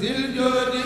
ذي الجود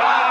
Viva!